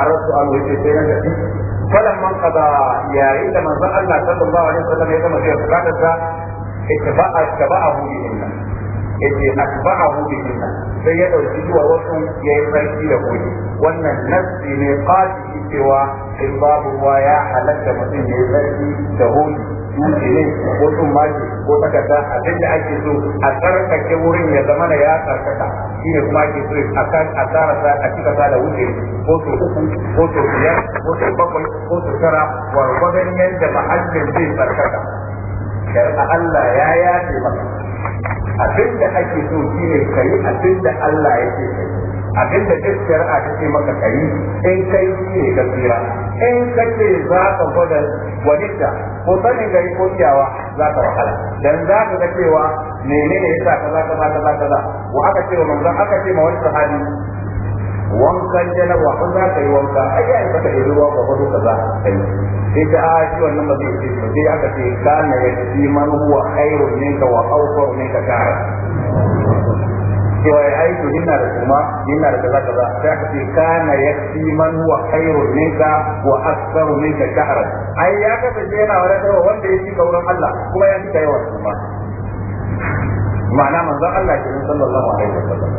arasu an wuce sai na tafi falan man qada yayin da manzon Allah sallallahu alaihi wasallam ya gama sai bukatar sa ittiba'a ittaba'ahu bi inna yace bi inna sai ya dauki zuwa wasu ya sarki da gobe wannan nafsi ne qati cewa in babu ruwa ya halatta mutum ya yi sarki da gobe dutse ne ko tsumma ce ko takarda abin da ake so a tsarkake wurin ya zama na ya tsarkaka shine kuma ake so a kan tsara sa a cika sa da wuce ko so uku ko so biyar ko so bakwai ko so tara wargwadon yadda mahallin zai tsarkaka shari'a Allah ya yace maka abin da ake so shine kai abin da Allah yake kai abin da duk shari'a ta ce maka kai in kai shi ne tsira in kai ce za ka gwada wadita ko sanin gari ko kiyawa za ka wahala dan za ka ga cewa menene yasa kaza kaza kaza kaza wa aka ce wa manzon aka ce ma wani sahabi wankan janaba ko za ka yi wanka ai yayin ka da ruwa ko ko kaza kai sai ta a shi wannan ba zai ce sai aka ce kana ya ji man huwa khairun minka wa awqar minka kara cewa ya aiki hinna da kuma hinna da kaza kaza sai aka ce kana fi man huwa khairu minka wa aktsaru minka shahran ai ya kasance yana wadatarwa wanda ya fi kauran Allah kuma ya fi kai wa kuma ma'ana manzon Allah ke sallallahu alaihi sallam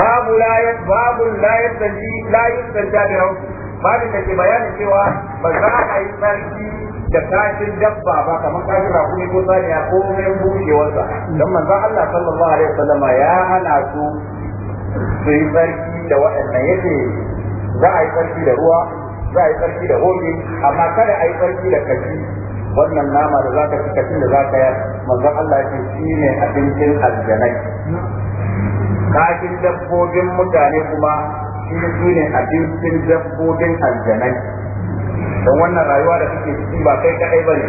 babu la babu la tsaji la tsaji da rauki babu da ke bayani cewa ba za a yi sarki da kashin dabba ba kamar kashin rakumi ko saniya ko mai bushewarsa don manzo Allah sallallahu alaihi wasallama ya hana su su yi sarki da waɗannan yake za a yi sarki da ruwa za a yi sarki da hobi amma kada a yi sarki da kashi wannan nama da za ka ci kashin da za ka yi manzo Allah ce shi ne abincin aljanai kashin dabbobin mutane kuma shi ne abincin dabbobin aljanai don wannan rayuwa da kake ciki ba kai kadai bane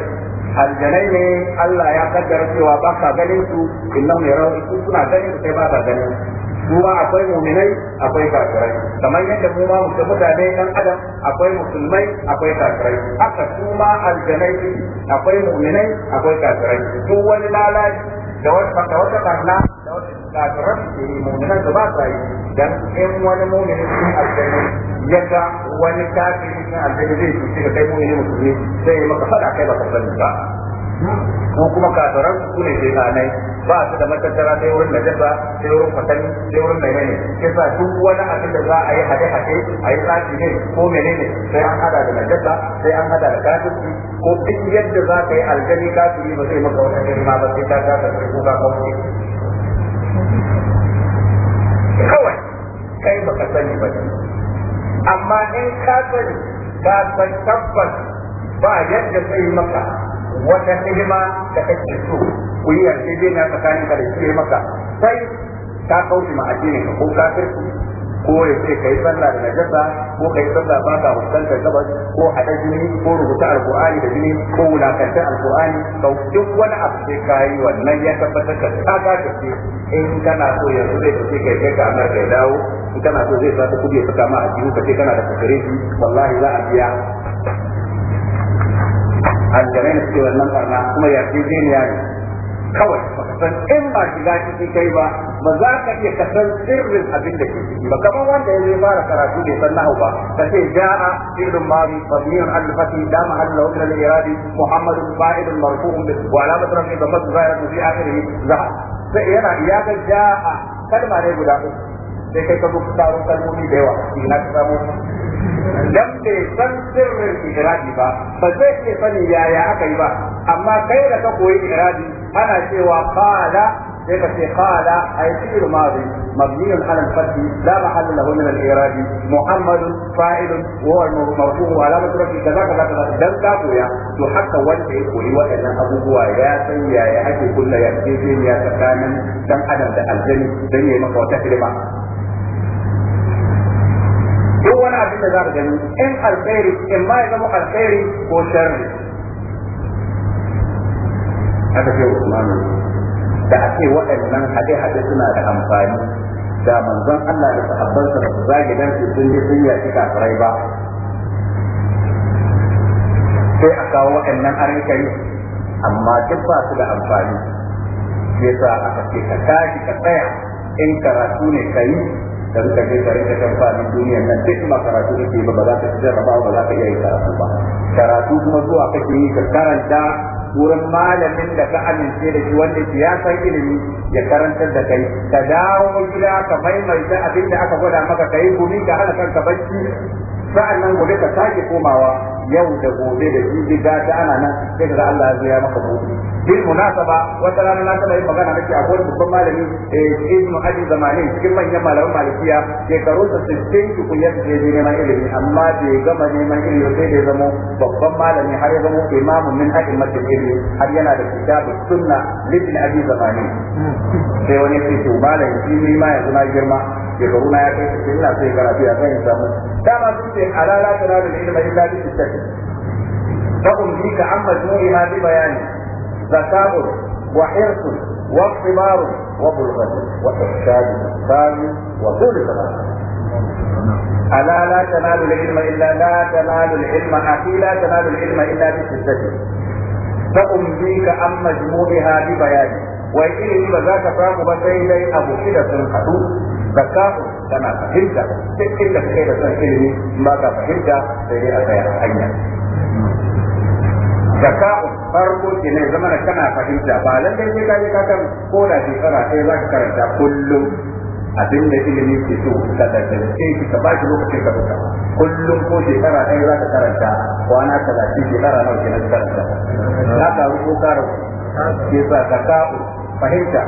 aljanai ne Allah ya kaddara cewa ba ka ganin su mai rawa su suna ganin sai ba ka ganin su ba akwai muminai akwai kafirai kamar yadda mu ma mutum mutane dan adam akwai musulmai akwai kafirai haka su ma aljanai akwai muminai akwai kafirai duk wani lalaci da wata da wata karna da wata kafiran ke yi da ba sa yi dan in wani mu'minin cikin aljanna ya ga wani kafiri cikin aljanna zai cuci ka kai mu'mini musulmi sai ya maka fada kai baka sani ba ko kuma kafiran su ne sai kanai ba su da matattara sai wurin najasa sai wurin fatani sai wurin menene kisa duk wani abin da za a yi hade hade a yi tsafi ne ko menene sai an hada da najasa sai an hada da kafirci ko duk yadda za ka yi aljani kafiri ba zai maka wata girma ba sai ka kasa ko ka kawai kawai kai baka sani ba amma in ka sani ka san tabbas ba yadda sai maka wata hidima da kake so ku yi yarjejeniya tsakanin ka da shi maka sai ka kauce ma addinin ka ko kafirku ko ya ce kai sallah da najasa ko kai sallah ba ka da gabas ko hada jini ko rubuta alqur'ani da jini ko wulakantar alqur'ani to duk wani abu sai kai wannan ya tabbata ka ta ka ce in kana so yanzu zai ce kai kai ka amar kai dawo in kana so zai sa kudi ya saka ma a jihu ka ce kana da kakare shi wallahi za a biya aljanai da suke wannan barna kuma yarjejeniya ne kawai ka san in ba shiga ciki kai ba ba za ka iya kasan sirrin abin da ke ciki ba kamar wanda ya fara karatu bai san nahu ba ka ce ja'a sirrin mari fadliyun al-fati da mahallu iradi muhammad fa'id marfu'un bi wa alamat rafi da masu zahira fi akhirih za sai yana ya ga ja'a kalma ne guda uku sai kai ka rubuta kalmomi da yawa ina ka samu dan bai san sirrin iradi ba ba zai iya sani yaya aka yi ba amma kai da ka koyi iradi أنا وقال قال ثقة قال أي فعل ماضي مبني على الفتح لا محل له من الإيراد محمد فاعل وهو المرفوع على مترك كذا كذا كذا دل كافويا تحق وجهه ولي وإلا أبو هو يا سيا يا أكي كل يا سيدين يا سكامن دم أدم دأل جني جني مصر تكلمة هو أنا أبين ذلك إن الخير إن ما يدمو الخير هو شرني aka ce Usmanu da ake waɗannan hade-hade suna da amfani da manzon Allah da sahabbansa da su zage dan su sun je sun yaki farai ba sai a kawo waɗannan arikai amma duk ba su da amfani yasa aka ce ka tashi ka tsaya in karatu ne kai yi da rika je ka rika kan fadin duniyar nan duk ma karatu ne ke ba ba za ka ci jarrabawa ba za ka iya yi karatu ba karatu kuma zuwa kake yi ka karanta wurin malamin da ka amince da shi wanda ya san ilimi ya karantar da kai ka dawo gida ka maimaita abin da aka gwada maka kai gumi ka hana kanka bacci sa'annan gobe ka sake komawa yau da gobe da jibi ga ta ana nan sai Allah ya zuya maka gobe bil munasaba wata rana na taba yin magana nake a gurin babban malami eh, ibnu abi zamanin cikin manyan malaman malikiya shekaru 60 tukun ya je neman ilimi amma bai gama neman ilimi sai da zama babban malami har ya zama imamun min a'immatul ilmi har yana da kitabus sunna libn abi zamanin hmm. sai wani ya to malami shi ma ya zama girma shekaru na ya kai cikin ina sai karatu ya zan samu dama sun ce alala ta na da ilimi mai tabi su take fakum bi ka amma juri ma bi bayani zakabun wa hirsun wa qibarun wa bulghatun wa tashadu sami wa kullu ألا لا تنالوا العلم إلا لا تنالوا العلم أخي لا تنالوا العلم إلا بشدته فأمليك عن مجموعها ببيانه wai ilimi ba za ka samu ba sai dai abu da sun haɗu da kafu kana fahimta duk inda kai da son ilimi ba ka fahimta sai dai a tsaya hanya zaka'u farko ke ne zama da kana fahimta ba lallai sai ka je ka kan ko da shekara sai za ka karanta kullum abin da ilimi ke so da daddace shi ka baki lokacin ka duka kullum ko ke shekara ɗaya za ka karanta kwana ke shekara nawa ke na karanta za ka rubo ka rubu ke sa ka ta fahimta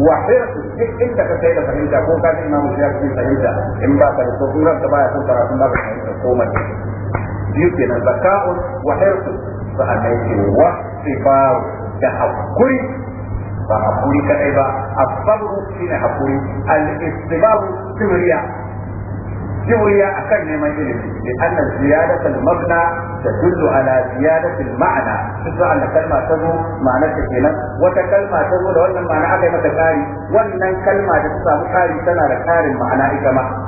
wa hirsu duk inda ka sai da fahimta ko ka ji imamu shafi fahimta in ba ka ko kuran ka baya son karatu ba ka fahimta ko mai biyu nan zaka'un wa hirsu sa'anai ke wa sifaru da hakuri ba hakuri kadai ba asabu shine hakuri al-istibaru kimriya جوريا أكن نيمان إلمي لأن زيادة المبنى تدل على زيادة المعنى تدل أن كلمة تزو معنى تكينا وتكلمة تزو لأن المعنى أكي تكاري وأن كلمة تسوى مكاري سنة لكاري المعنى إكما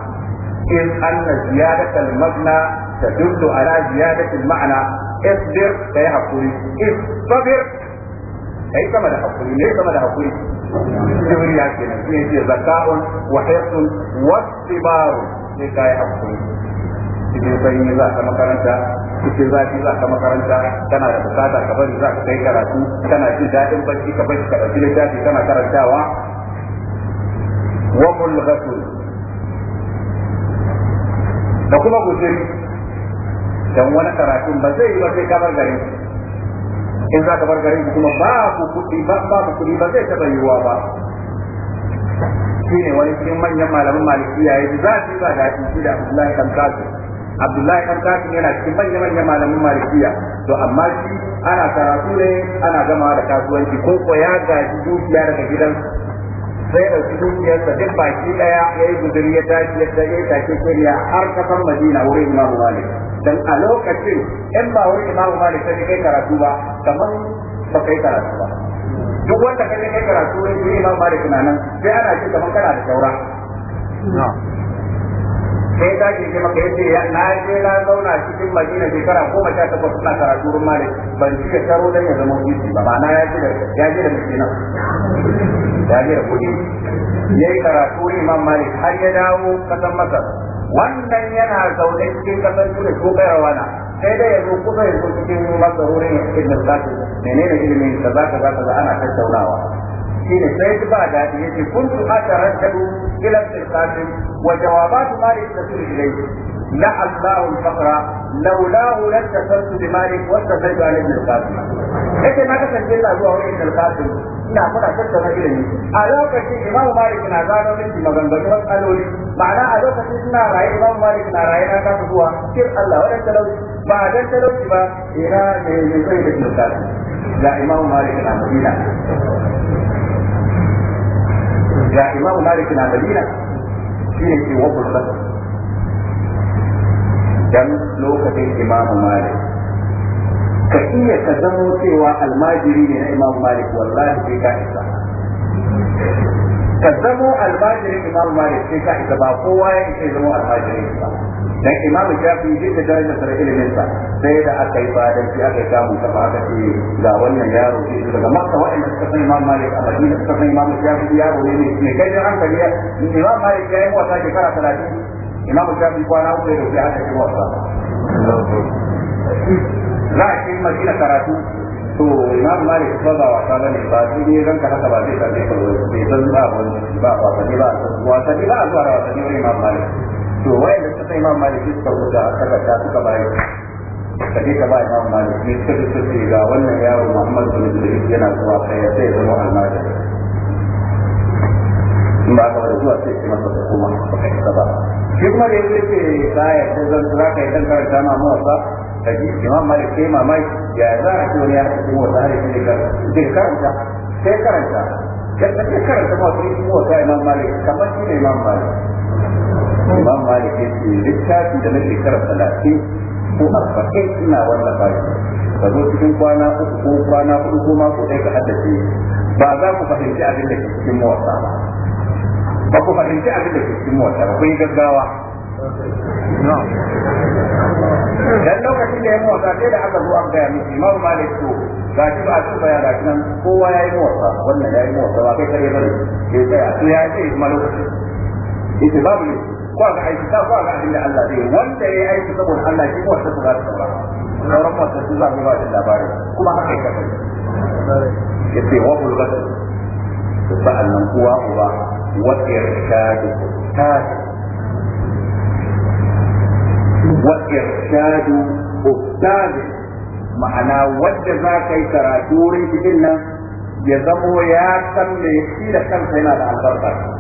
إذ أن زيادة المبنى تدل على زيادة المعنى اصبر كي حقوري اصبر أي كما لحقوري ليه كما لحقوري جوريا كينا فيه ذكاء وحرص واصبار sai ka yi hakuri cikin sanyi za ka makaranta cikin zafi za ka makaranta kana da bukata ka bari za ka kai karatu kana jin daɗin barci ka bari ka ɗauki littafi kana karantawa wa mulghatun da kuma guzuri dan wani karatun ba zai yi ba sai ka bar gari in za ka bar gari kuma babu kuɗi ba babu kuɗi ba zai taɓa yiwuwa ba shi ne wani cikin manyan malaman malikiya ya ji zafi ba da shi da Abdullahi dan Abdullahi dan yana cikin manyan manyan malaman malikiya to amma shi ana karatu ne ana gama da kasuwanci ko ko ya gaji dukiya daga gidan sai ɗauki dukiyarsa duk baki ɗaya ya yi gudun ya tashi ya tashi ya tashi kiriya har kasar Madina wurin Imam Malik dan a lokacin in ba wurin Imam Malik sai kai karatu ba kamar ba kai karatu ba duk wanda kaje kai karatu wani shi imam malik na nan sai ana shi kaman kana da saura sai ta ce maka yace na je na zauna cikin madina shekara goma sha takwas ina karatu wurin malik ban ci da taro dan ya zama wuce ba na ya ce da ya je da mutina ya ce da kudi yayi karatu imam malik har ya dawo kasan masar wannan yana zaune cikin kasan turai ko kai rawana. sai dai yanzu kusa yanzu cikin masarurin ibn al-qasim menene ilimin kaza kaza za ana tattaunawa shine sai ba daɗi yace kuntu ataraddadu ila al wa jawabat malik tasul ilayhi la allahu al-faqra laulahu la tasaltu bi mali wa tasaltu ala al-qasim yace na kasance ina zuwa wurin al-qasim ina muna tattauna ilimi a lokacin imam malik na gano min maganganu matsaloli ma'ana a lokacin suna raye imam malik na raye na kafa zuwa sir Allah wa talauci ba dan talauci ba ina ne ne sai da al-qasim da imam malik na madina ga imamu malik na madina shi ne ke wakil sassa dan lokacin imamu malik ka iya ka cewa almajiri ne na imamu malik wallahi sai ka isa ka zamo almajirin imam malik sai ka isa ba kowa ya isa zamo almajirin ba dan imam shafi duk da darajar sa ilimin sa sai da aka yi fadan shi aka samu ta aka ce ga wannan yaro shi daga makka wa'anda suka san imam malik a madina suka san imam shafi yaro ne ne kai da hankali ya imam malik ya yi wata shekara 30 imam shafi kwana uku da ya haka shi wasa za a ce madina karatu to imam malik ba ba wasa bane ba shi ne ranka haka ba zai tafi ba bai san ba wani ba wasa ne ba wasa ne ba zuwa wasa ne wani imam malik to wai da suka imam malik suka rubuta suka ta suka bayar ka je ka ba imam malik ne suka ce ce ga wannan yaro muhammad bin idris yana zuwa kai ya sai zama almaji in ba ka wani zuwa sai kuma ka kuma ka ba shi kuma da yake ce ba ya zan zaka yi dan karanta ma mawasa kaji imam malik sai mamaki ya za a ce wani ya tafi wata hari ne zai karanta sai karanta yadda zai karanta ba sai kuma wata imam malik kamar shi ne imam malik imam malik ya ce littafi da na shekara talatin ko arba'in ina wannan bayan ka zo cikin kwana uku ko kwana hudu ko mako ɗaya ka haddace ba za ku fahimci abin da ke cikin mawasa ba ba ku fahimci abin da ke cikin mawasa ba kun yi gaggawa dan lokacin da ya motsa sai da aka zo an gaya miki imamu malik to ga shi ba su bayana nan kowa ya yi motsa wannan ya yi motsa ba kai kare bane ke tsaya to ya ce kuma lokacin ita ba mu ko ga aiki ta ko ga abin da Allah zai wanda ya yi aiki saboda Allah shi motsa su za su saurara sauran motsa su za su ba da labari kuma haka ya kafa ya ce wa bulgata sa'an nan kuwa uba wa irshadu ta wa irshadu ustazi ma'ana wanda za yi karatu wurin cikin nan ya zamo ya san me shi da kansa yana da albarka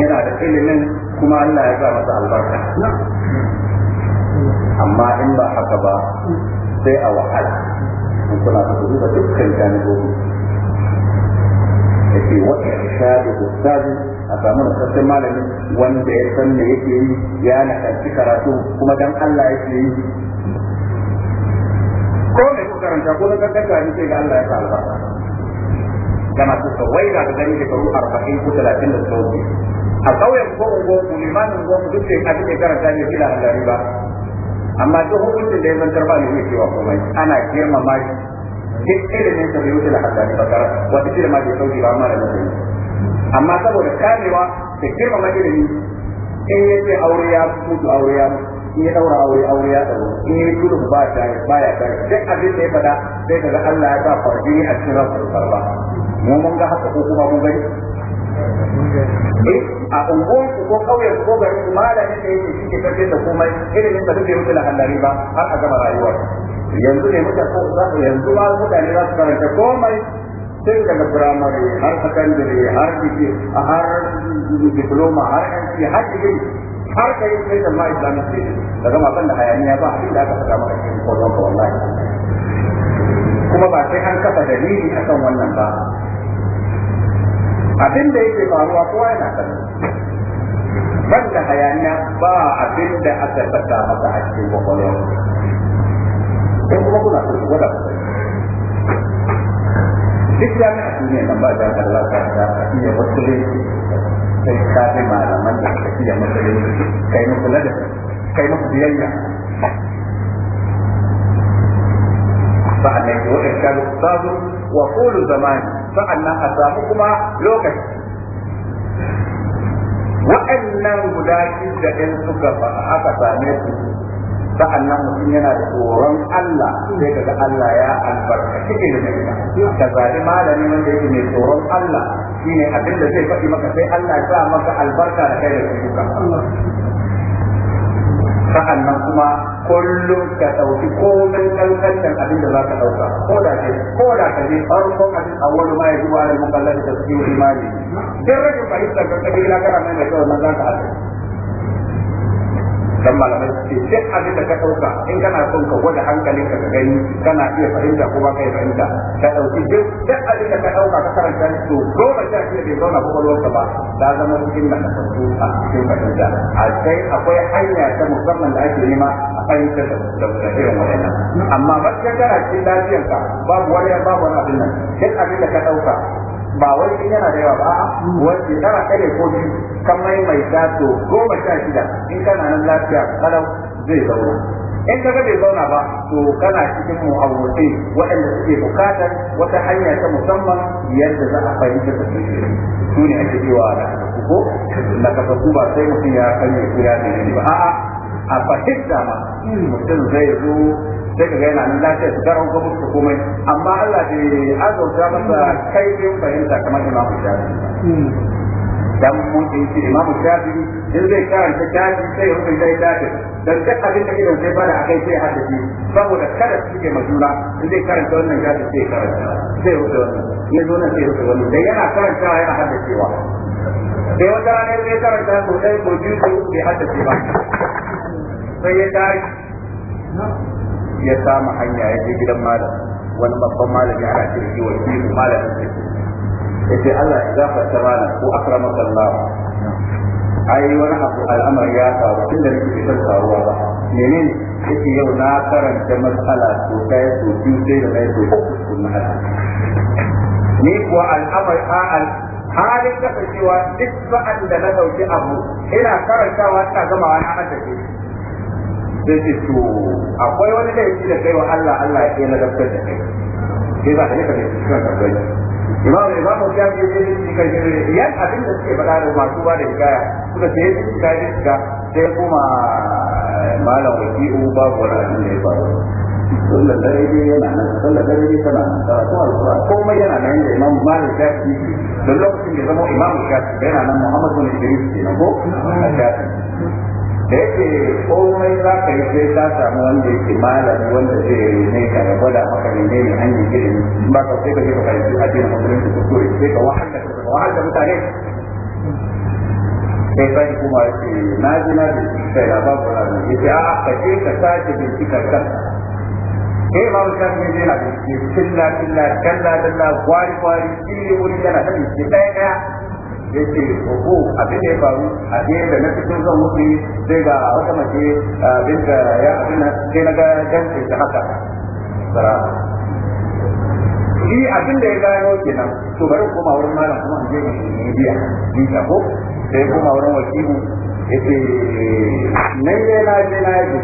yana da ilimin kuma Allah ya sa masa albarka amma in ba haka ba sai a wahala kuna su duba dukkan jami'o'i ce wa irshadu sabu a samu sassan malami wanda ya san me yake yi ya ƙarfi karatu kuma dan Allah yake yi ko me ko karanta ko na kanka ne sai ga Allah ya sa albarka kana ku kawai da gani da karu 40 ko talatin da sauki a kauyen ko ungo ku limanin ko duk sai ka take karanta ne kila gari ba. amma duk hukuncin da ya zantar ba ne ne wa komai ana girmama shi duk ilimin sa bai wuce da haddani bakara wata ma bai sauki ba mara da amma saboda kamewa da girmama ilimi in ya ce aure ya mutu aure ya in ya daura aure aure ya daura in ya gudu ba ta ba ya ta duk abin da ya fada sai kaga Allah ya ba farjini a cikin rabbul karba mu mun ga haka ko kuma mun gani Eh, a unguwan ku ko kauyen ko garin ku malamin da yake shi ke tafiyar da komai ilimin da kuke mutu na hallari ba har a gama rayuwar yanzu ne mutane ko za yanzu ba mutane za su karanta komai tun daga firamare har sakandare har a har diploma har yanci har digiri har kai kai da ma islamic studies daga masan da hayaniya ba abin da aka faɗa maka cikin kwallon ka wallahi kuma ba sai an kafa dalili akan wannan ba abin da yake faruwa kowa yana kallo banda hayaniya ba abin da aka saka maka a cikin kwakwalwa ko kuma kuna so ku gwada duk jami'a duniya nan ba da Allah ta ta iya musulunci kai ka bi malaman da suka iya musulunci kai musu ladabi kai musu biyayya sa'annan ki wa'in kalu babu wa qulu zamani nan a samu kuma lokaci waɗannan guda da ɗin suka aka same su nan mutum yana da tsoron Allah sai ga Allah ya albarka. albarkaci ilimin ka zaɓi malami wanda yake mai tsoron Allah ne abin da zai faɗi maka sai Allah ya sa maka albarka da kai da kuka nan kuma kullum ka ɗauki komai kankantar abin da za ka ɗauka ko da ke ko da ka je farko abin a wani ma ya zuwa da mukallar da su yi imani duk rashin fahimtar ka kabi na kana mai mai kyau na za ka haɗa dan malamai ce duk abin da ka dauka in kana son ka gwada hankalin ka gani kana iya fahimta ko ba ka iya fahimta ka dauki duk duk abin da ka dauka ka karanta shi to goma sha shida bai zauna kwakwalwarka ba ta zama cikin na da a cikin fahimta a sai akwai hanya ta musamman da ake nema a fahimtar da irin waɗannan amma ba ka kana cikin lafiyarka babu wani babu wani abin nan duk abin da ka dauka ba wai in yana da yawa ba wai tara ɗaya ko biyu kan maimaita to goma sha shida in kana nan lafiya kalau zai zauna in ka ga bai zauna ba to kana cikin mu'awwati waɗanda suke bukatar wata hanya ta musamman yadda za a fahimta da su su ne ake cewa da ko na kafafu ba sai mutum ya kanye ko ya ne ba a'a a fahimta ma mutum zai zo sai ka ga yana nan lafiya su garau ga musu komai amma Allah da azauta masa kaifin fahimta kamar imamu shafi'i hmm. dan mutum shi imam shafi in zai karanta shafi sai ya rubuta dai shafi dan duk abin da idan sai bada akai sai hadisi saboda kada su ke majuna in zai karanta wannan shafi sai karanta sai rubuta wannan ya zo nan sai rubuta wannan dan yana karantawa yana hadacewa sai wata rana zai karanta ko dai ko biyu ko bai hadace ba sai ya tashi ya samu hanya ya je gidan malam wani babban malami ana ce shi wakilu malamin sai ce Allah ya gafarta mana ko akramaka Allah ai wani abu al'amari ya faru tun da nake san faruwa ba menene yake yau na karanta matsala to kai to biyu sai da kai to kun hada ni kuwa al'amari a al halin kasancewa duk sa'an da na dauki abu ina karantawa ina gamawa na haddace sai ce to akwai wani da yake da kai wa Allah Allah ya na daftar da kai sai za ka yi kamar cikin karbai imamu imamu ya ce ne shi kai yan abin da suke faɗa da masu ba da hikaya suka ce ya shi kai shiga sai kuma malam waki'u babu wani abin da ya faru sallar dare ne yana nan sallar dare ne tana nan karatu alƙura komai yana nan da imam malik shafi da lokacin da zama imam shafi yana nan muhammad bin idris kenan ko a da yake komai za ka yi sai ka samu wanda yake malami wanda zai ne ka ya gwada maka ne ne ne hanyar gidan ba ka sai ka je ka karbi addinin musulunci ko kure sai ka wahala ka wahala mutane sai bai kuma ce na ji na ji sai na ba rami ya ce a ka je ka sake bincika kan ke ba mu shafi ne na bincike killa killa kalla dalla kwari kwari kiri wuri yana ta bincike ɗaya ɗaya ya ce ko abin da ya faru a da na cikin zan mutu sai ga wata mace binta ya abin sai na ga dance ta haka sara shi abin da ya gano kenan to bari koma wurin malam kuma an je ne biya ni ta ko sai koma wurin wakilu yace nan ne na je na yi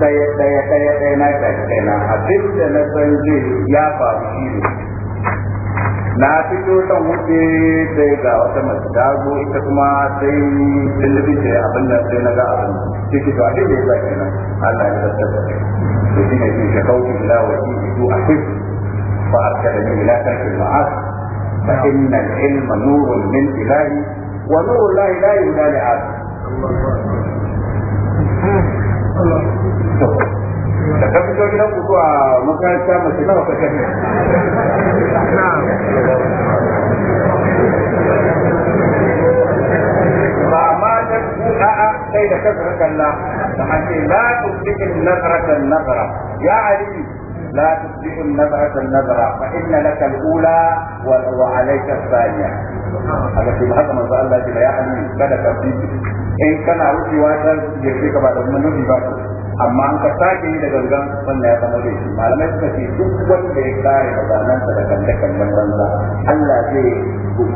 daya daya daya daya na ta kenan abin da na san zai ya faru shi ne na fito son wuce sai ga wata mace ta zo ita kuma sai lullubin ta ya abin da sai na ga abin sai ki to abin da ya sa Allah ya tattaba to shi ne shi kauce ila wa shi idu a kai ba a kada ne ila tarkil ma'as ta inna al-ilma nurun min ilahi wa nurun nuru Allah la yudali 嗯，好了。da ka fito gidan ku zuwa makaranta mace nawa ka kashe ba ma ta a'a sai da ka kalla da ake la tusbihin nazaratan nazara ya ali لا تصبح النظرة النظرة فإن لك الأولى وعليك الثانية هذا في هذا ما قال الله يا علي بدك in kana wucewa ta jirgi ka ba da manufi ba amma an ka sake yi da gangan wannan ya zama da shi malamai suka ce duk wanda ya kare mazanansa da kandakan nan banza Allah zai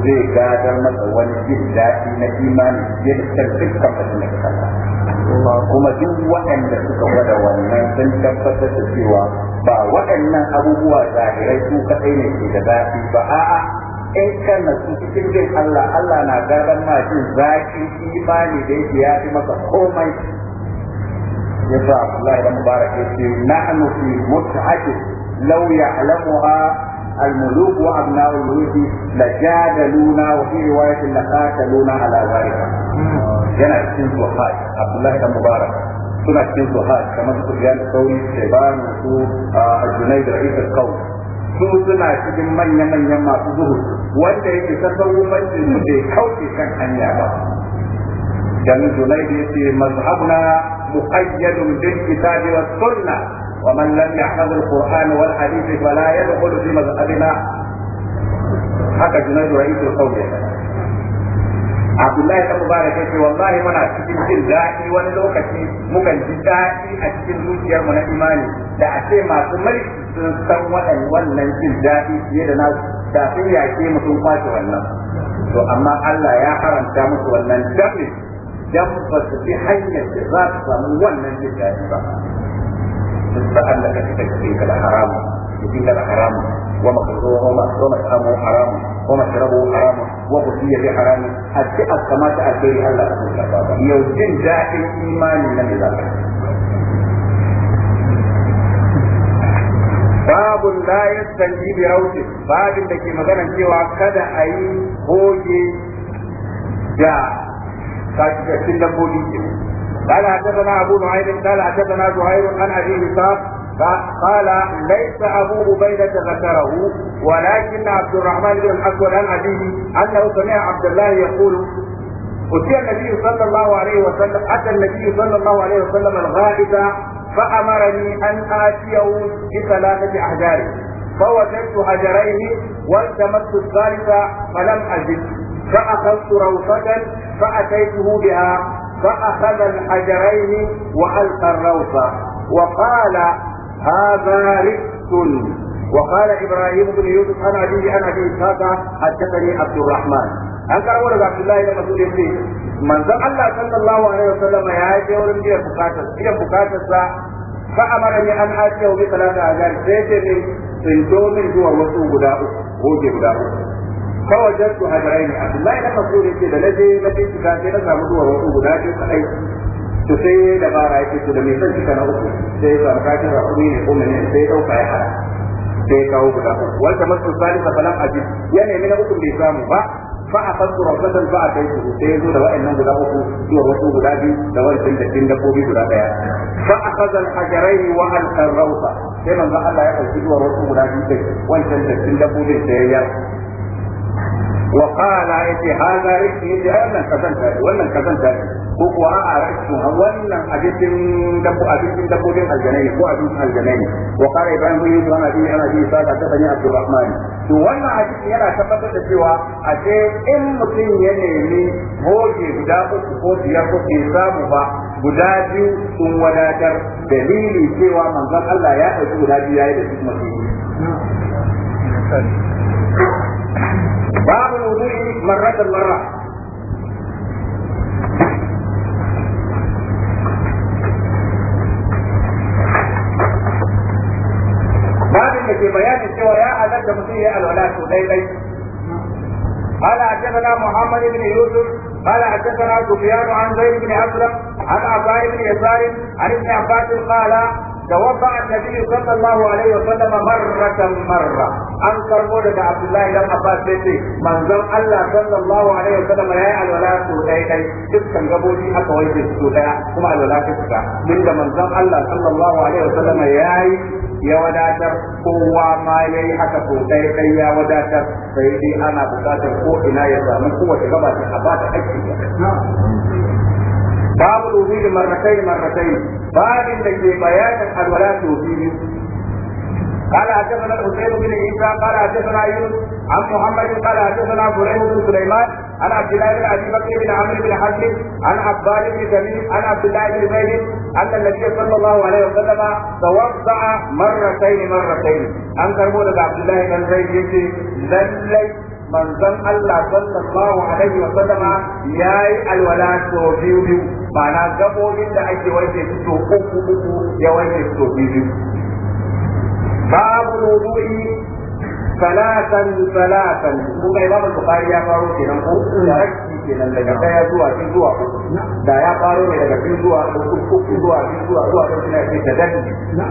zai gadar masa wani jin daɗi na imani ya da dukkan da kasa kuma duk waɗanda suka gwada wannan sun tabbatar da cewa ba waɗannan abubuwa zahirai su kaɗai ne ke da daɗi ba a'a in ka su cikin jin Allah Allah na gadar ma jin zaki imani da yake ya fi maka komai yasa Abdullah ibn Mubarak yace nahnu fi mut'ati law ya'lamuha الملوك وابناء الملوك لجادلونا وفي روايه لقاتلونا على ذلك. yana cikin suhaj Abdullahi dan Mubarak suna cikin suhaj kamar su Sufyan Sauri Shayban su Junayd Ra'is al su suna cikin manya-manyan masu zuhu wanda yake ta sauran bai kauce kan hanya ba dan Junayd yace mazhabuna مقيد بالكتاب والسنة ومن لم يحفظ القرآن والحديث فلا يدخل في مذهبنا حتى جنيد رئيس القوم Abdullahi ta Mubarak ya ce wallahi muna cikin jin daɗi wani lokaci mukan ji daɗi a cikin zuciyar na imani da a ce masu mulki sun san waɗannan wannan jin daɗi fiye da nasu da sun yake mu sun kwace wannan to amma Allah ya haramta musu wannan dami جنبك في حية غاصة مولى جدا تسأل لك تكفيك الحرام تكفيك الحرام ومكروه ومكرمه حرام ومشربه حرام وبطيه في حرام أتأت كما تأتي ألا أكون شبابا يوجد دائم إيمان من ذلك باب لا يستنجي بروجه باب لكي مثلا كي وكذا أي هو جاء قال كاشف الدبولي قال حدثنا ابو نعيم قال حدثنا زهير عن ابي هشام قال ليس ابو عبيده ذكره ولكن عبد الرحمن بن الاسود عن ابيه انه سمع عبد الله يقول أتي النبي صلى الله عليه وسلم أتى النبي صلى الله عليه وسلم الغائب فأمرني أن آتيه بثلاثة أحجار فوجدت حجرين والتمست الثالثة فلم أجده فأخذت روفة فأتيته بها فأخذ الحجرين وألقى الروفة وقال هذا رزق وقال إبراهيم بن يوسف أنا أبيه أنا أبي إسحاق حدثني عبد الرحمن an karbo daga Abdullahi da Mas'ud yace manzon Allah sallallahu alaihi wasallam ya je wurin biyan bukatar biyan bukatar sa fa amara ni an hasiya bi talata ajar sai ce min sai to min zuwa wasu guda uku guda uku fawajattu hajarayni abdullahi dan mas'ud yake da naje na bincika sai na samu duwar wasu guda biyu kadai to sai da bara yake to da me san na uku sai ga kafin rakumi ne ko menene sai dauka ya hada sai kawo guda wal tamassu salisa falam ajid ya nemi na uku bai samu ba fa akhadtu rabbatan fa ataytuhu sai yazo da wa'annan guda uku zuwa wasu guda biyu da wancan da cin dabbobi guda daya fa akhadha al-hajarayn wa alqa sai manzo Allah ya dauki zuwa wasu guda biyu wancan da cin dabbobin wa qala yace hada rishi yace wannan kazanta wannan kazanta ne ko kuwa a rishi wannan abincin dabbo abincin dabbobin aljanai ko abincin aljanai wa qala ibrahim bin yusuf ana bi ana bi sa da tafani abdurrahman wannan hadisi yana tabbatar da cewa a ce in mutum ya nemi hoje guda uku ko biyar ko bai samu ba guda biyu sun wadatar dalili cewa manzon Allah ya ɗauki guda biyu yayi da su mutum باب الوضوء مرة مرة babin da ke bayanin cewa ya halatta mutum قال حدثنا محمد بن يوسف قال حدثنا سفيان عن زيد بن اسلم عن عطاء بن يسار عن ابن عباس قال توضا النبي صلى الله عليه وسلم مره مره an karbo daga Abdullahi dan Abbas sai ce manzon Allah sallallahu alaihi wasallam ya yi alwala su dai dai dukkan gabobi aka wanke su daya kuma alwala ta fita min da manzon Allah sallallahu alaihi wasallam ya yi ya wadatar kowa ma ya yi haka ko dai dai ya wadatar sai dai ana bukatar ko ina ya samu kowace gaba ta ba ta aiki babu rubi marratai marratai babin da ke bayanin alwala to biyu قال حدثنا الحسين بن عيسى قال حدثنا يونس عن محمد قال حدثنا بريد بن سليمان عن عبد الله بن ابي بكر بن عمرو بن حزم عن عباد بن تميم عن عبد الله بن زيد ان النبي صلى الله عليه وسلم توضا مرتين مرتين ان كرمو عبد الله بن زيد يجي لن manzon Allah sallallahu alaihi wa sallama yayi alwala to biyu biyu ma'ana gabobin da ake wanke su to uku uku ya wanke su to biyu biyu باب الوضوء ثلاثا ثلاثا kun kai babu bukari ya faro kenan ko da rakki kenan daga daya zuwa biyu zuwa da ya faro ne daga biyu zuwa uku uku zuwa biyu zuwa zuwa uku ne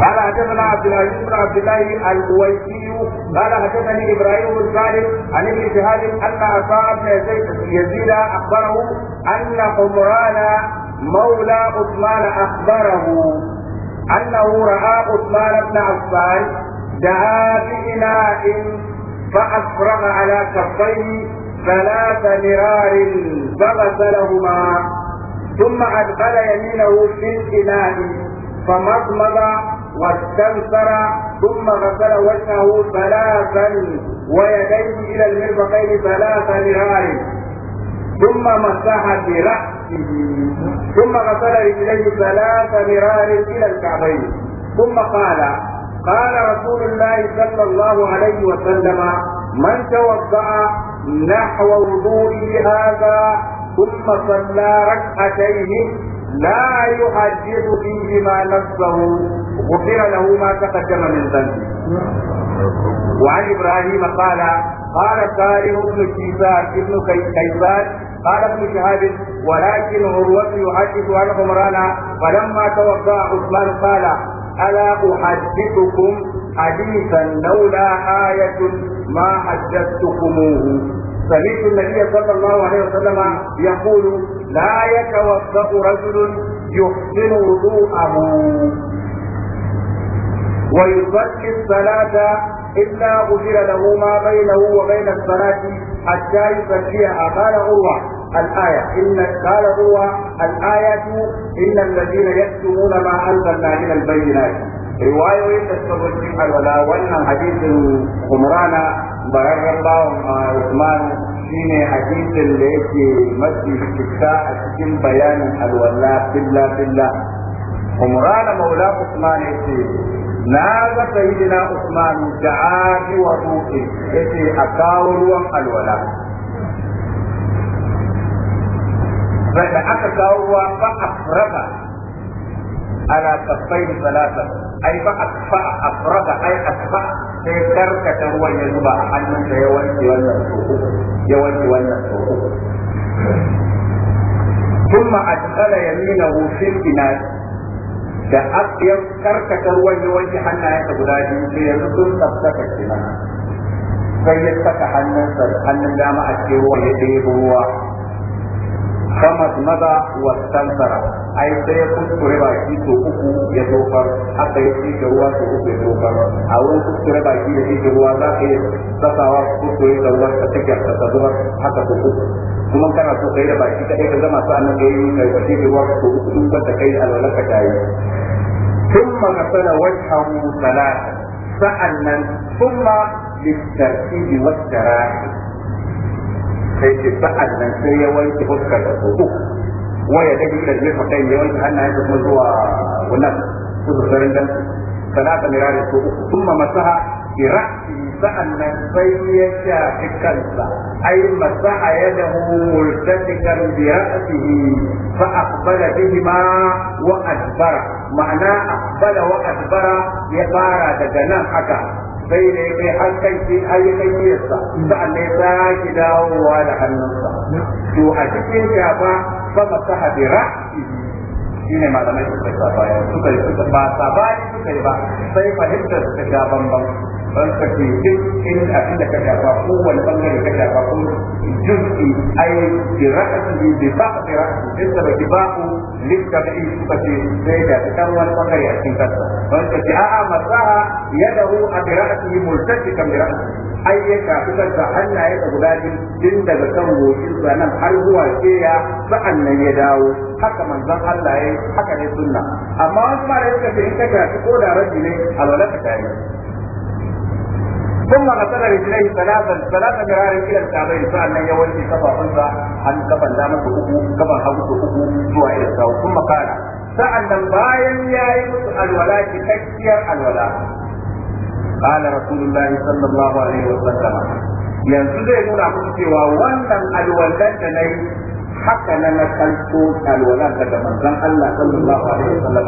قال حدثنا عبد العزيز بن عبد الله الأويسي قال حدثني ابراهيم بن صالح عن ابن شهاب ان عطاء يزيد اخبره ان عمران مولى عثمان اخبره أنه رأى عثمان بن عفان دعا بإناء فأفرغ على كفيه ثلاث مرار فغسلهما ثم أدخل يمينه في الإناء فمضمض واستنثر ثم غسل وجهه ثلاثا ويديه إلى المرفقين ثلاث مرار ثم مسح برأسه ثم غسل رجليه ثلاث مرار الى الكعبين ثم قال قال رسول الله صلى الله عليه وسلم من توضا نحو وضوئه هذا ثم صلى ركعتين لا يحدث فيهما نفسه غفر له ما تقدم من ذنبه وعن ابراهيم قال قال سالم بن كيسان ابن كيسان قال ابن شهاب ولكن عروة يحدث عن عمران فلما توضأ عثمان قال ألا أحدثكم حديثا لولا آية ما حدثتكموه سمعت النبي صلى الله عليه وسلم يقول لا يتوضأ رجل يحسن وضوءه ويصلي الصلاة إلا غفر له ما بينه وبين الصلاة حتى يصليها قال عروة الآية إن قال هو الآية إن الذين يكتمون ما أنزلنا من البينات رواية تستوجب الولاء وأن حديث عمران برر الله عثمان shine hadisin da yake mafi cika a cikin bayanin alwala billa billa umran maula usman yace na ga sayyidina usman da aki wa ruhi yace a kawo ruwan alwala da aka kawo ruwa على afraga ala kafai salata ai أي fa ai asfa sai karkata ruwan ya zuba a hannun wannan ثم أدخل يمينه في da ya karkata ruwan ya wanke hannayensa guda biyu sai yanzu sun tsabtaka kenan sai ya saka hannunsa hannun dama a cikin ruwan ya ɗebo ruwa famas maza wa tansara ai sai ya kuskure baki to uku ya tofar haka ya tsike ruwa to uku ya tofar a wurin kuskure baki da tsike ruwa za ka yi sasawa kuskure da ruwa ka tsike ka ta zubar haka to uku kuma kana so kai da baki kadai ka zama sa'an nan kai kai ka tsike ruwa to uku in ban da kai alwalar ka tayi ثم غسل وجهه ثلاثا sa'annan ثم للترتيب والتراحي sai ce sa'an nan sai ya wanke fuskar da uku waya da gidan ne fa kai ya wanke hannayen da kuma zuwa wannan kuzurin dan salata mirare ko uku ma masaha bi ra'si sa'an nan sai ya shafi kansa ai masaha ya yadahu multatikan bi ra'sihi fa aqbala bihima wa adbara ma'ana aqbala wa adbara ya fara daga nan haka sai da ya kai an kai shi ayyukan yiyarsa sa'an ne sake dawowa da hannunsa to a cikin shafa fa masaha bi ra'sihi shi ne malamai suka yi sabaya suka yi suka ba yi ba sai fahimtar suka sha bambam ranka ce duk in abin da ka shafa ko wani bangare ka shafa ko juz'i ai bi ra'sihi bi ba'di ra'sihi inda ba kibahu littabi'i suka ce sai da kan wani bangare a cikin kansa ranka ce a'a masaha yadahu a bi ra'sihi multajikan bi ra'sihi ai ya shafi kansa hannaye da guda biyu din daga kan goshin zanan nan har zuwa keya sa'an nan ya dawo haka manzon Allah yayi haka ne sunna amma wasu ma da suka ce in ka shafi ko da rabi ne alwala ka tare ثم غسل رجليه ثلاثا ثلاث مرار الى الكعبين فان يولي كفى انثى عن كفى دامه اكو كفى حوته اكو سوى الى الساو ثم قال sa'annan bayan ya yi musu alwala cikakkiyar alwala قال رسول الله صلى الله عليه وسلم yanzu zai nuna muku cewa wannan alwallan da na yi haka na na kalko alwala daga manzan Allah sallallahu alaihi sallam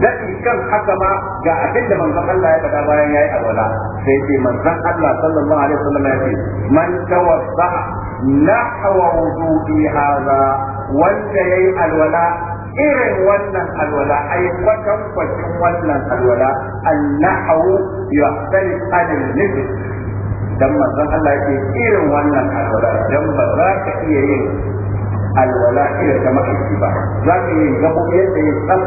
dadi kan haka ma ga abin da manzon Allah ya faɗa bayan yayi alwala sai ce manzan Allah sallallahu alaihi wasallam ya ce man tawassa nahwa wudu'i hadha wanda yayi alwala irin wannan alwala ai kwatan kwacin wannan alwala annahu yahtalif anil nisb dan manzan Allah yake irin wannan alwala dan ba za ka iya yin alwala irin ta ma'aiki ba za ka yi ko yadda ya tsaf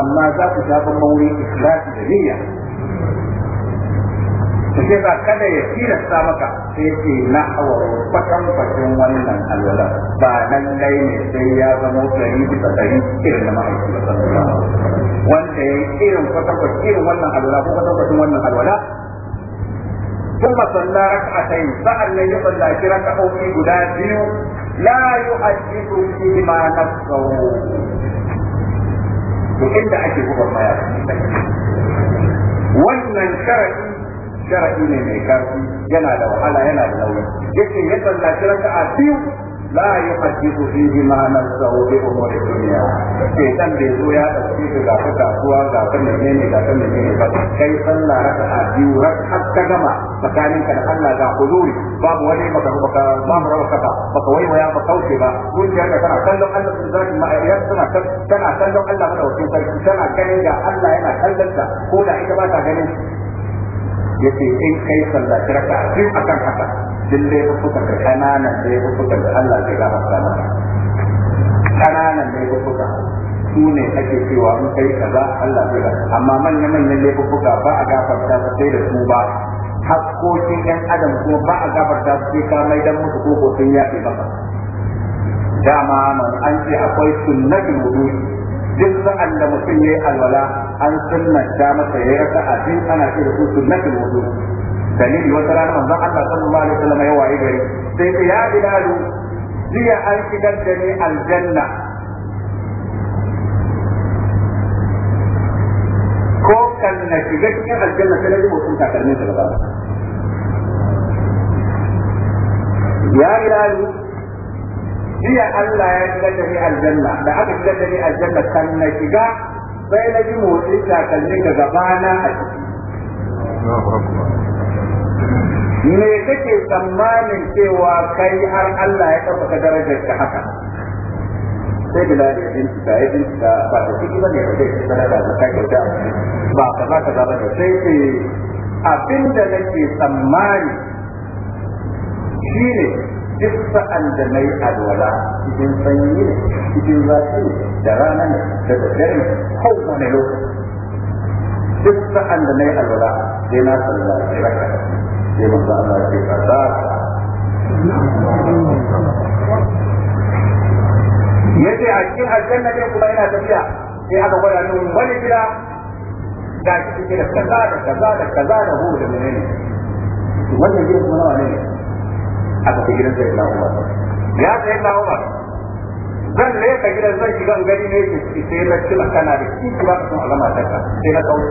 amma za ku sha bambam wuri ikhlasi da niyya ta ce ba kada ya tilasta maka sai ce na hawa kwatan kwatan wannan alwala ba nan dai ne sai ya zama ɗari bisa ɗari irin na ma'aiki ba wanda ya yi irin kwatan kwatan irin wannan alwala ko kwatan kwatan wannan alwala ثم صلى ركعتين فعل يصلى ركعه في غدا biyu. la yuhaddithu fima nafsuhu to inda ake buga baya wannan sharadi sharadi ne mai karfi yana da wahala yana da nauyi yake ya sallaci raka'a biyu la yuhaddisu fihi ma nafsahu bi umuri dunya shaytan bai zo ya dauke ka ga ka kasuwa ga ka menene ga ka menene ba kai sallah raka'a biyu har ta gama tsakanin ka da Allah ga huzuri babu wani baka baka babu rawa kafa baka wai waya ba kauce ba zuciya ka tana kallon Allah sun zaki ma ayyar tana kallon Allah madaukakin sarki tana ganin ga Allah yana kallon ta ko da ita ba ta ganin yace in kai sallaci raka duk akan haka duk dai fuskar da kananan dai fuskar da Allah zai gafarta maka kananan dai fuskar su ne ake cewa in kai kaza Allah zai gafarta amma manyan manyan dai fuskar ba a gafarta ba sai da su ba hakkokin yan adam kuma ba a gafarta su sai ka mai dan musu koko sun yafe ba dama man an ce akwai sunnatul wudu duk sa'an da mutum yayi alwala an sunnanta masa ya yarda a biyu ana ce da su sunnatul wudu dalili wata rana manzon Allah sallallahu alaihi wasallam ya waye gari sai ce ya bilalu jiya an kidan da ni aljanna ko kan na shiga cikin aljanna sai na ji mutum takalmin sa gaba ya bilalu jiya Allah ya kidan da ni aljanna da haka kidan da ni aljanna kan na shiga sai na ji motsin takalmin da gabana a ciki me kake tsammanin cewa kai har Allah ya ka darajar ka haka sai bila da yin ta yi din ta ba ta ciki ne ba zai tsara da zakai kyauta ba ka ba ka ba da sai ce da nake tsammani shine duk sa'an da na yi alwala cikin sanyi ne cikin zafi da rana ne da daddare kowane lokaci duk sa'an da na yi alwala sai na sallaci raka sai manzo Allah ya ce ka za ya ce a cikin aljanna ne kuma yana tafiya sai aka gwada min wani gida da shi ke da kaza da kaza da kaza da hu da menene wannan gidan kuma nawa ne aka fi gidan sai na umar ya sai na umar zan leka gidan zan shiga in gani ne ke ciki sai na cila kana da kiki ba ka san alama ta ka sai na kawo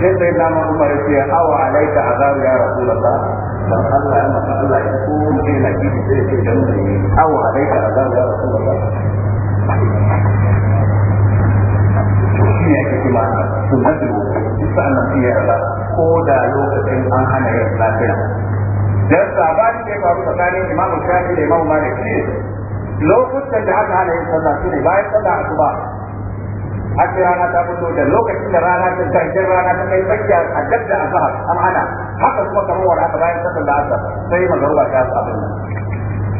sai sai na umar ya ce awa alaika azabu ya rasulullah dan Allah ya maka Allah ya ko mutum na kiki sai ya ce dan ne awa alaika azabu ya rasulullah shi ne ake kima sunnatul wudu sa'an nan ya ko da lokacin an hana yin lafiya dan sabani da ya faru tsakanin Imam Shafi da Imam Malik ne lokutan da aka hana yin sallah shine bayan sallah asuba har sai rana ta fito da lokacin da rana ta zargin rana ta kai tsakiya a gadda azhar an haka kuma kamar wani haka bayan sallar da sai magaruba ta sa abin nan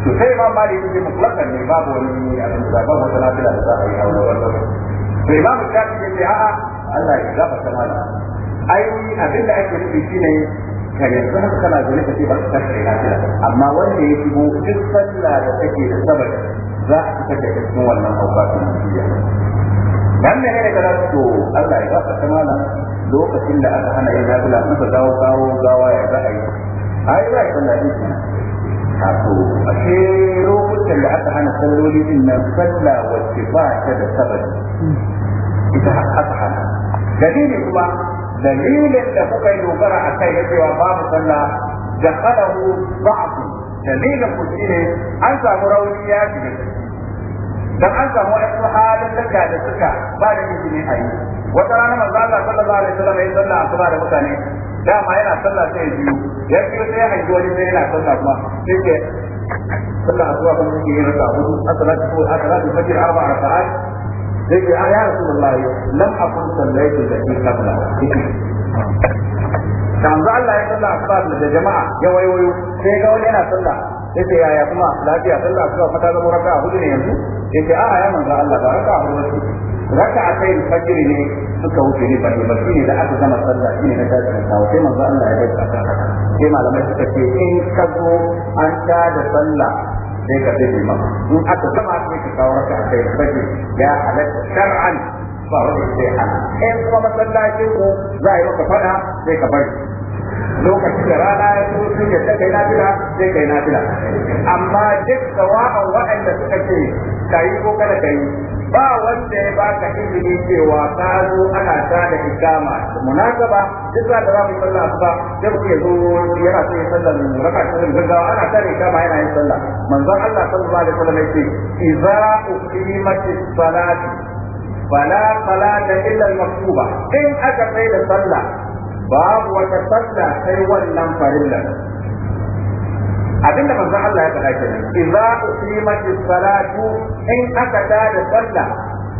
to sai Imam Malik ya ce mutlakan ne babu wani abin da babu wata lafiya da za a yi a wannan to Imam Shafi ya ce a'a Allah ya gafarta mana ai abin da ake nufi shine kare su haka kana zaune ka ce ba ka kare lafiya amma wanda ya shigo duk sallah da take da sabar za a fitar da cikin wannan aukatin jiya dan ne ne kana to Allah ya baka kamala lokacin da aka hana yin lafiya kuma ka dawo kawo gawa ya za a yi ai ba ka lafiya a to a ce lokutan da aka hana salloli din nan sallah wacce ba ta da sabar ita aka hana dalili kuma dalilin da kuka yi dogara a kai na cewa babu sallah da kalahu ba'du dalilin ku shine an samu rauni ya shiga dan an samu wasu halin daga da suka ba da izini a yi wata rana manzo Allah sallallahu alaihi wasallam ya sallah asuba da mutane dama yana sallah sai biyu ya biyo sai ya hanji wani sai yana sallah kuma sai ke sallah asuba kuma yake yin raka'a hudu as-salatu as-salatu fajr arba'a raka'at zai ce ah, ya rasulullahi lam akun sallai da shi kabla yanzu Allah ya sallah asuba da jama'a ya wayoyo sai ga wani yana sallah yace yaya kuma lafiya sallah asuba fa ta zama raka'a hudu ne yanzu yace a ah, a ya manzo Allah ba raka'a hudu Raka raka'a sai fajr ne suka wuce ne ba ba ne da aka zama sallah ne na tashi na kawo sai manzo Allah ya bai aka sai malamai suka ce in ka zo an ta da sallah sai ka sai imam in aka gama sai ka kawo raka kai rage ya halatta shar'an ba wani sai hal eh kuma masallacin ko za a yi maka fada sai ka bari lokacin da rana ya zo sun yadda kai nafila sai kai nafila amma duk sawa'an waɗanda suka ce yi ko kada yi. ba wanda ya baka izini cewa ka zo ana ta da ikama munasaba duk da za mu yi sallah ba da ku zo yana so ya sallah mun raka ta da gaggawa ana ta da ikama yana yin sallah manzon Allah sallallahu alaihi wasallam yake idza uqimati salati fala salata illa al-maktuba in aka sai da sallah babu wata sallah sai wannan farilla abinda manzon Allah ya faɗa kenan idza uqimati salatu in aka ta da sallah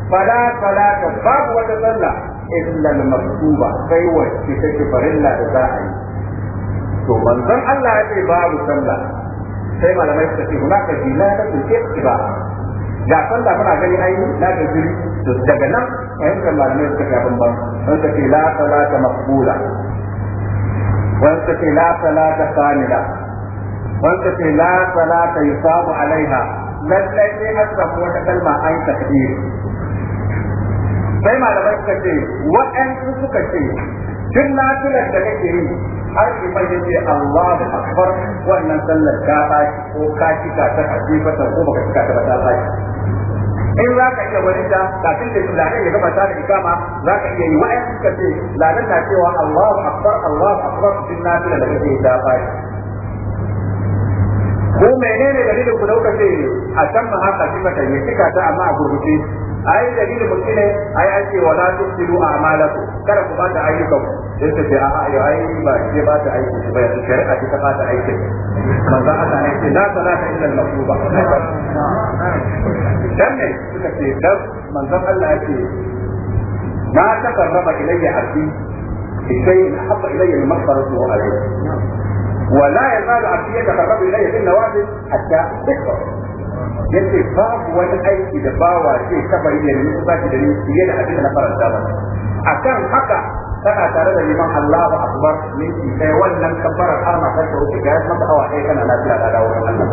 fala salata babu wata sallah illa al-maktuba sai wacce take farilla da za a yi to manzon Allah ya ce babu sallah sai malamai suka ce hunaka dilalatul ba. ga sallah muna gani ai na ga jiri to daga nan fahimtar malamai suka ga ban. sun ce la salata maqbula wa sun ce la salata kamila wanda ce la salata yusabu alaiha lallai ne an samu wata kalma an takdir sai malamai suka ce waɗansu suka ce tun nafilar da kake yi har iman yace Allah da akbar wannan sallar ta baki ko ka kika ta hakikata ko baka kika ta ta baki in za ka iya wani da kafin da ya gabata da ikama za ka iya yi wa'ayin suka ce ladan na cewa Allahu akbar Allahu akbar tun nafilar da kake yi ta ko menene dalilin ku dauka ce a can ma haka kima ta yi kika ta amma a gurbuce ai dalilin mu shine ai a ce wala tusilu a'malaku kada ku bata ayyukan ku sai ta ce a yau ai ba ke bata aiki ba yanzu shari'a ce ta bata aiki manzo Allah ne ce la ta illa al-maktuba dan ne suka ce dan manzo Allah yake ma takarraba ilayya abdi bi shay'in habba ilayya al-maqbaratu alayhi ولا يزال عبدي يتقرب الي في حتى تكبر yace babu wani aiki da bawa zai taba yi da ni ko baki da ni fiye da abin da na faranta ba akan haka kana tare da liman Allahu akbar ne ki sai wannan kabbarar arma ta ta wuce ga maka awa ɗaya kana lafiya da dawo Allah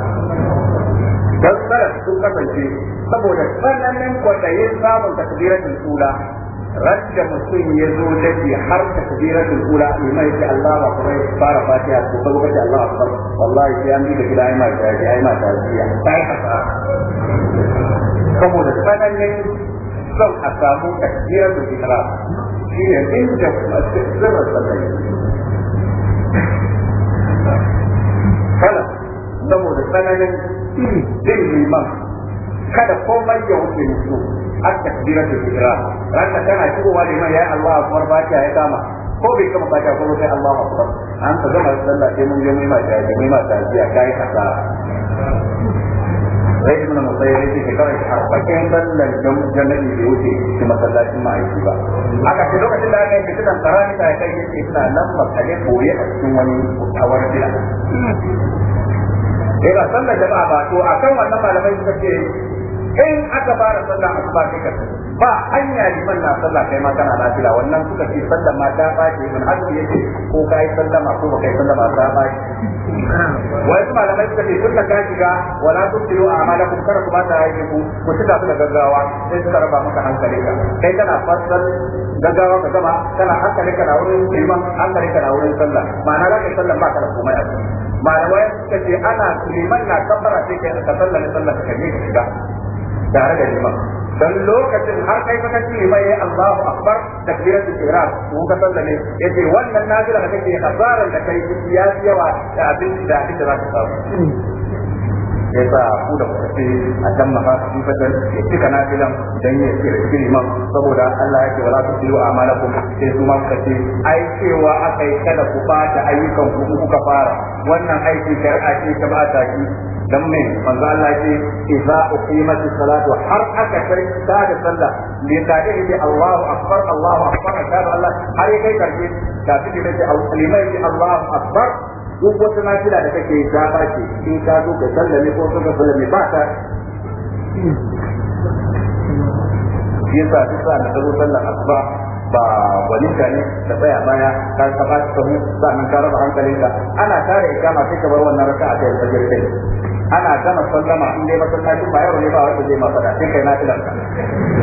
dan sarar sun kasance saboda tsananin kwaɗayin samun takbiratul ula radda mutum ya zo dafi har ta kabiratul ula imai ta Allah ba kuma ya fara fatiha ko kaga kace Allah akbar wallahi sai an bi da gida ai ma ta ai ma ta jiya sai haka saboda tsananin son a samu takbiratul ikra shi ne inda kuma sirrin tsananin jin kada komai ya hatta kabiratul ihram ranka kana shigowa da mai ya Allah akbar fatiha ya kama ko bai kama fatiha ko sai Allah akbar an ka gama sallah sai mun je mu yi ma ta mu yi ma ta jiya kai kasa zai ibn musayyib yake shekarar arba'in sallar jami'i wuce shi masallacin ma'aiki aka ce lokacin da aka yi fitinan karami ta kai yake suna nan makale koye a cikin wani kawar malamai suka ce in aka fara sallah ba sai ka ba hanya liman na sallah kai ma kana lafiya wannan suka ce sallah ma ta bace ibn hazm yake ko kai ma ko ba kai sallama ta bace wai kuma da mai suka ce kun ka shiga wala tusiru a'malakum kar kuma ta yi ku ku tuka suka gaggawa sai suka raba maka ka kai kana fassar gaggawa ka gama kana hankalinka na wurin liman hankalinka na wurin sallah ma'ana za ka yi sallah ba ka da komai a ciki malamai suka ce ana liman na kafara sai kai ka sallah ne sallah ka ne ka shiga tare da liman dan lokacin har kai ka kace mai Allahu akbar takbiratu ihram ko ka sallame yace wannan nazira da kake kafaran da kai ya yawa da abin da kake za ka samu yasa ku da kuka a dan maka ku fadar ya cika na filan dan ya ce da imam saboda Allah ya ce wala tusilu amalakum sai su ma kuka ce ai cewa yi kada ku bata ayyukan ku kuka fara wannan aiki shar'a ce ta ba bata ki dan me manzo Allah ya ce idza uqimati salatu har aka sai ta da sallah ne ta da ce Allahu akbar Allahu akbar ta Allah har kai karshe ta ce limai Allahu akbar duk wata nafila da kake yi ta ce in ka zo ka sallame ko ka sallame ba ta yasa duk sa na zaro sallar asuba ba gwaninka ne da tsaya baya ka ka ba ta samu sannan ka raba hankalinka ana tare kama sai ka bar wannan raka'a ta yi fajr kai ana gama sallama in dai masallacin ba yau ne ba wanda zai masa sai kai na tilan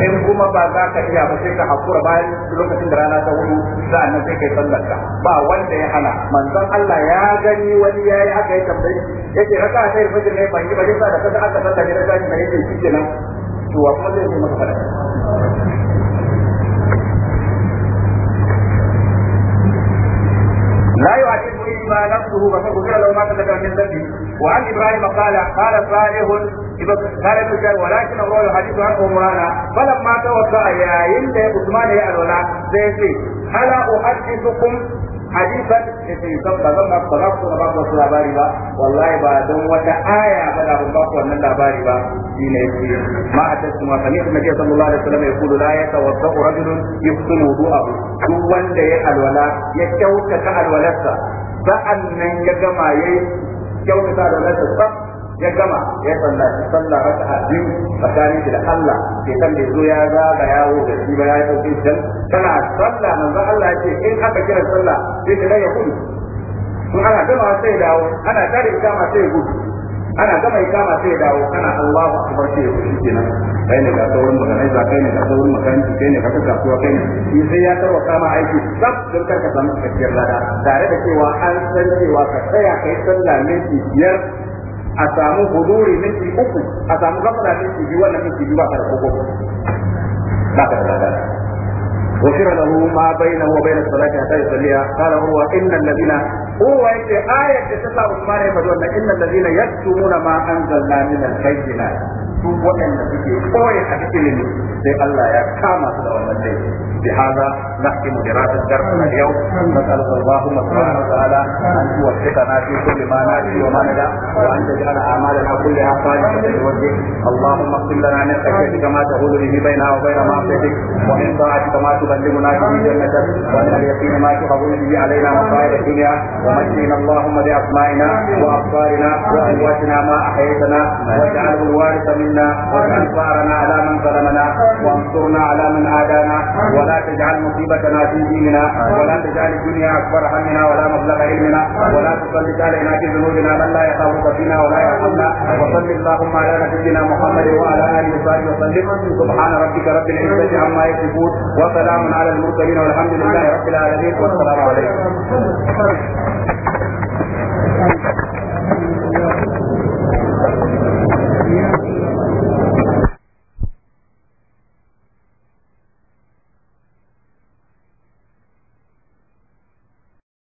in kuma ba za ka iya ba sai ka hakura bayan lokacin da rana ta hudu sa'annan sai kai sallar ka ba wanda ya hana manzon Allah ya gani wani yayi haka ya tambaye yake raka sai fajr ne ban yi ba sai da kaza aka sallar ne da kaji ne yake shikenan to wa kuma zai masa fara لا يعجبني ما نفسه فقد له ما تذكر من ذنبه وعن ابراهيم قال قال صالح قال ابن جاي ولكن الله الحديث عنه مرانا فلما توفى يا يند عثمان يا الولاء زيتي هل احدثكم حديثا في سبب لما اقتربت من بعض الصلاه باربا والله بعد وتا ايه بدا من بعض من الباربا ما اتت ما سمعت النبي صلى الله عليه وسلم يقول لا يتوضا رجل يفتن وضوءه كل ولد يا الولاء يتوكل على الولد فان من جمع kyautata da lalata ya gama ya salla salla raka'a biyu tsakanin da Allah ke san da zo ya zaga yawo da shi ba ya yi sauki dan kana salla manzo Allah ce in aka kira sallah sai ka ya kudu in ana gama sai dawo ana tare ikama sai gudu ana gama ya kama sai dawo kana Allahu akbar sai ya fushi kenan kai ne ga sauran maganaiza kai ne ga sauran makaranci kai ne ga kasuwa kai ne shi sai ya tarwa kama aiki sab don karka samu cikakkiyar lada tare da cewa an san cewa ka tsaya kai sallah minti biyar a samu huduri minti uku a samu gafara minti biyu wannan minti biyu ba ka da koko ba ka da lada وشر له ما بينه وبين الصلاة حتى يصليها قال هو إن الذين هو يجي آية تسعة عثمان يفضل إن الذين يكتمون ما أنزلنا من البينات su waɗanda suke koyi a cikin sai Allah ya kama su da wannan laifi بهذا نختم دراسة درسنا اليوم نسألك اللهم سبحانه وتعالى أن توفقنا في كل ما نأتي وما ندع وأن تجعل أعمالنا كلها صالحة لوجهك اللهم اغفر لنا من خشيتك ما تهول به بيننا وبين معصيتك ومن طاعتك ما تبلغنا به جنتك ومن اليقين ما تهون به علينا مصائب الدنيا ومجدنا اللهم بأسمائنا وأبصارنا وأمواتنا ما أحييتنا واجعله الوارث منا منا صارنا على من ظلمنا وانصرنا على من عادانا ولا تجعل مصيبتنا في ديننا ولا تجعل الدنيا اكبر همنا ولا مبلغ علمنا ولا تسلط علينا ذنوبنا من لا يخافك فينا ولا يرحمنا وصل اللهم على نبينا محمد وعلى اله وصحبه وسلم سبحان ربك رب العزه عما يصفون وسلام على المرسلين والحمد لله رب العالمين والسلام عليكم